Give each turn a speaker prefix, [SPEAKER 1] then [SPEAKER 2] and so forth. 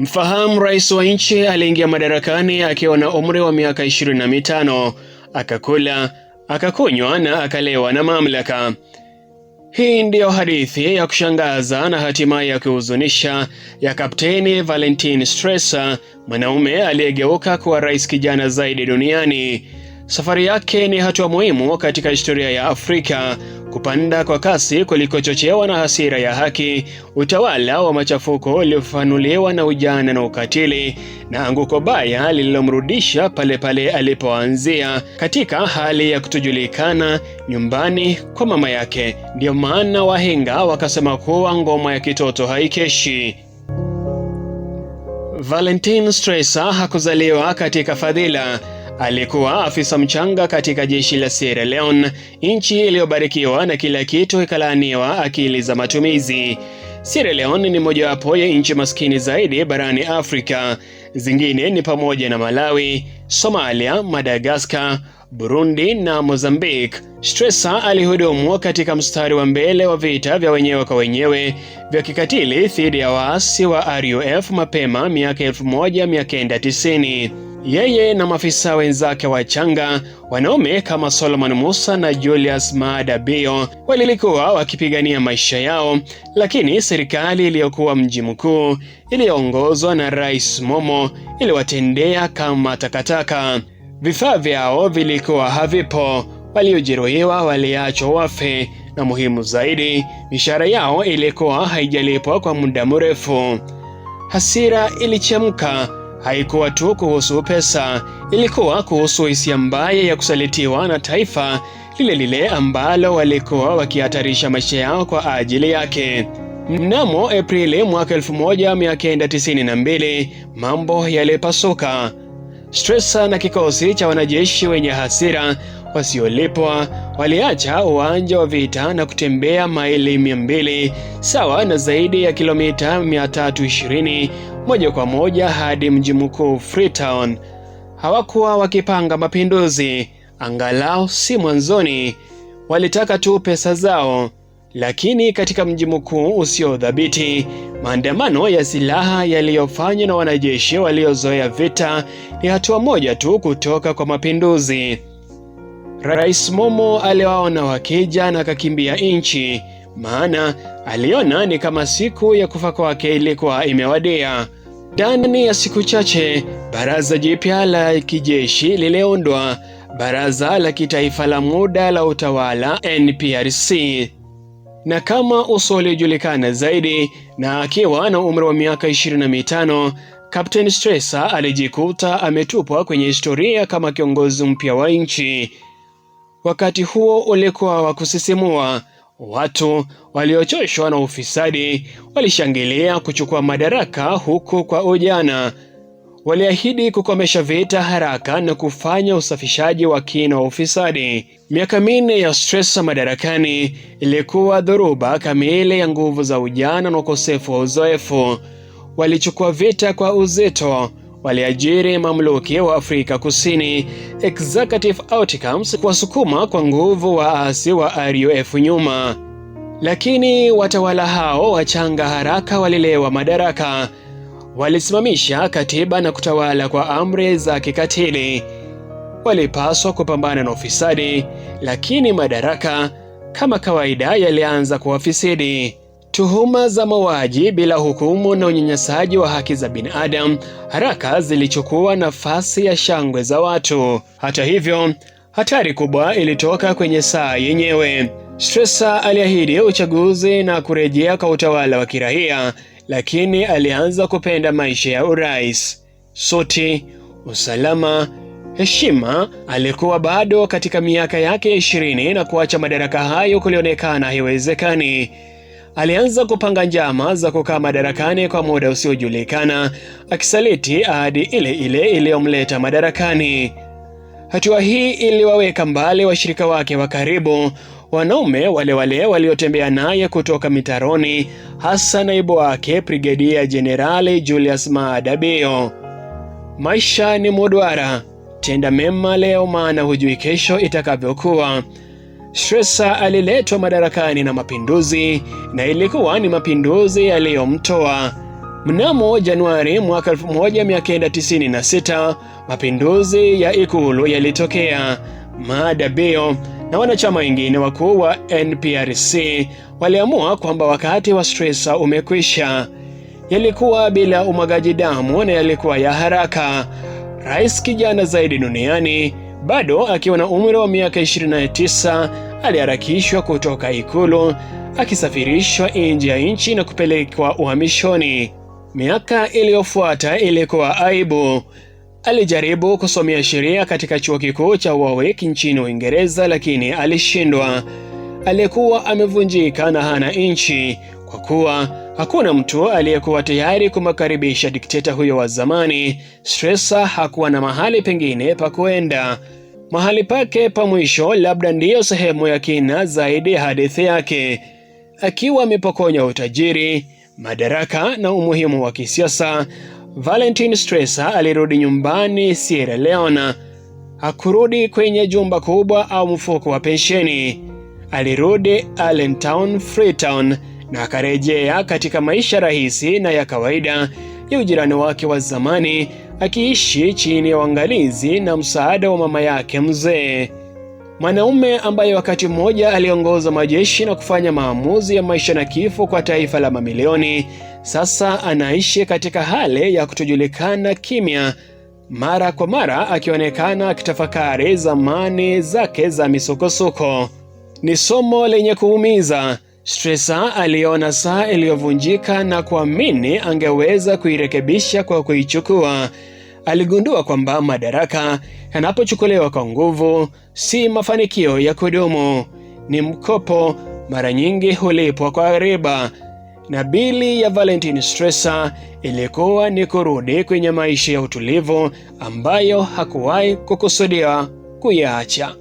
[SPEAKER 1] Mfahamu rais wa nchi aliingia madarakani akiwa na umri wa miaka 25, akakula, akakunywa na akalewa na mamlaka. Hii ndiyo hadithi ya kushangaza na hatimaye ya kuhuzunisha ya Kapteni Valentin Stresser, mwanaume aliyegeuka kuwa rais kijana zaidi duniani. Safari yake ni hatua muhimu katika historia ya Afrika, kupanda kwa kasi kulikochochewa na hasira ya haki, utawala wa machafuko uliofafanuliwa na ujana na ukatili, na anguko baya lililomrudisha pale pale alipoanzia katika hali ya kutojulikana nyumbani kwa mama yake. Ndiyo maana wahenga wakasema kuwa ngoma ya kitoto haikeshi. Valentine Stresa hakuzaliwa katika fadhila. Alikuwa afisa mchanga katika jeshi la Sierra Leone, nchi iliyobarikiwa na kila kitu ikalaaniwa akili za matumizi. Sierra Leone ni mojawapo ya nchi maskini zaidi barani Afrika. Zingine ni pamoja na Malawi, Somalia, Madagaskar, Burundi na Mozambique. Stresa alihudumu katika mstari wa mbele wa vita vya wenyewe kwa wenyewe vya kikatili dhidi ya waasi wa RUF mapema miaka 1990. Yeye na maafisa wenzake wachanga wanaume kama Solomon Musa na Julius Maada Bio walilikuwa wakipigania maisha yao, lakini serikali iliyokuwa mji mkuu iliyoongozwa na Rais Momo iliwatendea kama takataka. Vifaa vyao vilikuwa havipo, waliojeruhiwa waliachwa wafe, na muhimu zaidi, mishahara yao ilikuwa haijalipwa kwa muda mrefu. Hasira ilichemka haikuwa tu kuhusu pesa, ilikuwa kuhusu hisia mbaya ya kusalitiwa na taifa lile lile ambalo walikuwa wakihatarisha maisha yao kwa ajili yake. Mnamo Aprili mwaka 1992 mambo yalipasuka. Stresa na kikosi cha wanajeshi wenye hasira wasiolipwa waliacha uwanja wa vita na kutembea maili 200 sawa na zaidi ya kilomita 320 moja kwa moja hadi mji mkuu Freetown. Hawakuwa wakipanga mapinduzi, angalau si mwanzoni. Walitaka tu pesa zao. Lakini katika mji mkuu usio dhabiti, maandamano ya silaha yaliyofanywa na wanajeshi waliozoea vita ni hatua moja tu kutoka kwa mapinduzi. Rais Momo aliwaona wakija na akakimbia nchi maana aliona ni kama siku ya kufa kwake ilikuwa imewadia. Ndani ya siku chache baraza jipya la kijeshi liliundwa, baraza la kitaifa la muda la utawala NPRC, na kama uso uliojulikana zaidi, na akiwa na umri wa miaka 25 Captain Stresa alijikuta ametupwa kwenye historia kama kiongozi mpya wa nchi. Wakati huo ulikuwa wa kusisimua, Watu waliochoshwa na ufisadi walishangilia kuchukua madaraka huku kwa ujana. Waliahidi kukomesha vita haraka na kufanya usafishaji wa kina wa ufisadi. Miaka minne ya Stresa madarakani ilikuwa dhoruba kamili ya nguvu za ujana na ukosefu wa uzoefu. Walichukua vita kwa uzito waliajiri mamluki wa Afrika Kusini Executive Outcomes kuwasukuma kwa nguvu waasi wa RUF nyuma, lakini watawala hao wachanga haraka walilewa madaraka, walisimamisha katiba na kutawala kwa amri za kikatili. Walipaswa kupambana na ufisadi, lakini madaraka kama kawaida yalianza kuwafisidi. Tuhuma za mauaji bila hukumu na unyanyasaji wa haki za binadamu haraka zilichukua nafasi ya shangwe za watu. Hata hivyo, hatari kubwa ilitoka kwenye saa yenyewe. Stresa aliahidi uchaguzi na kurejea kwa utawala wa kiraia, lakini alianza kupenda maisha ya urais. Suti, usalama, heshima. Alikuwa bado katika miaka yake ya ishirini na kuacha madaraka hayo kulionekana haiwezekani alianza kupanga njama za kukaa madarakani kwa muda usiojulikana, akisaliti ahadi ile ile iliyomleta madarakani. Hatua hii iliwaweka mbali washirika wake wa karibu, wanaume wale wale waliotembea naye kutoka mitaroni, hasa naibu wake Brigedia Jenerali Julius Maada Bio. Maisha ni mudwara, tenda mema leo, maana hujui kesho itakavyokuwa. Stresa aliletwa madarakani na mapinduzi na ilikuwa ni mapinduzi yaliyomtoa. Mnamo Januari mwaka 1996 mapinduzi ya ikulu yalitokea. Maada Bio na wanachama wengine wakuu wa NPRC waliamua kwamba wakati wa Stresa umekwisha. Yalikuwa bila umwagaji damu na yalikuwa ya haraka. Rais kijana zaidi duniani bado akiwa na umri wa miaka 29 aliharakishwa kutoka ikulu akisafirishwa nje ya nchi na kupelekwa uhamishoni. Miaka iliyofuata ilikuwa aibu. Alijaribu kusomea sheria katika chuo kikuu cha Warwick nchini Uingereza, lakini alishindwa. Alikuwa amevunjika na hana nchi kwa kuwa Hakuna mtu aliyekuwa tayari kumkaribisha dikteta huyo wa zamani. Stresa hakuwa na mahali pengine pa kuenda. Mahali pake pa mwisho labda ndiyo sehemu ya kina zaidi ya hadithi yake. Akiwa amepokonywa utajiri, madaraka na umuhimu wa kisiasa, Valentin Stresa alirudi nyumbani Sierra Leone. Hakurudi kwenye jumba kubwa au mfuko wa pensheni. Alirudi Allentown, Freetown na akarejea katika maisha rahisi na ya kawaida ya ujirani wake wa zamani, akiishi chini ya uangalizi na msaada wa mama yake mzee, mwanaume ambaye wakati mmoja aliongoza majeshi na kufanya maamuzi ya maisha na kifo kwa taifa la mamilioni. Sasa anaishi katika hali ya kutojulikana kimya, mara kwa mara akionekana akitafakari zamani zake za misokosoko. Ni somo lenye kuumiza Stresa aliona saa iliyovunjika na kuamini angeweza kuirekebisha kwa kuichukua. Aligundua kwamba madaraka yanapochukuliwa kwa nguvu, si mafanikio ya kudumu, ni mkopo, mara nyingi hulipwa kwa riba. Na bili ya Valentine Stresa ilikuwa ni kurudi kwenye maisha ya utulivu ambayo hakuwahi kukusudia kuyaacha.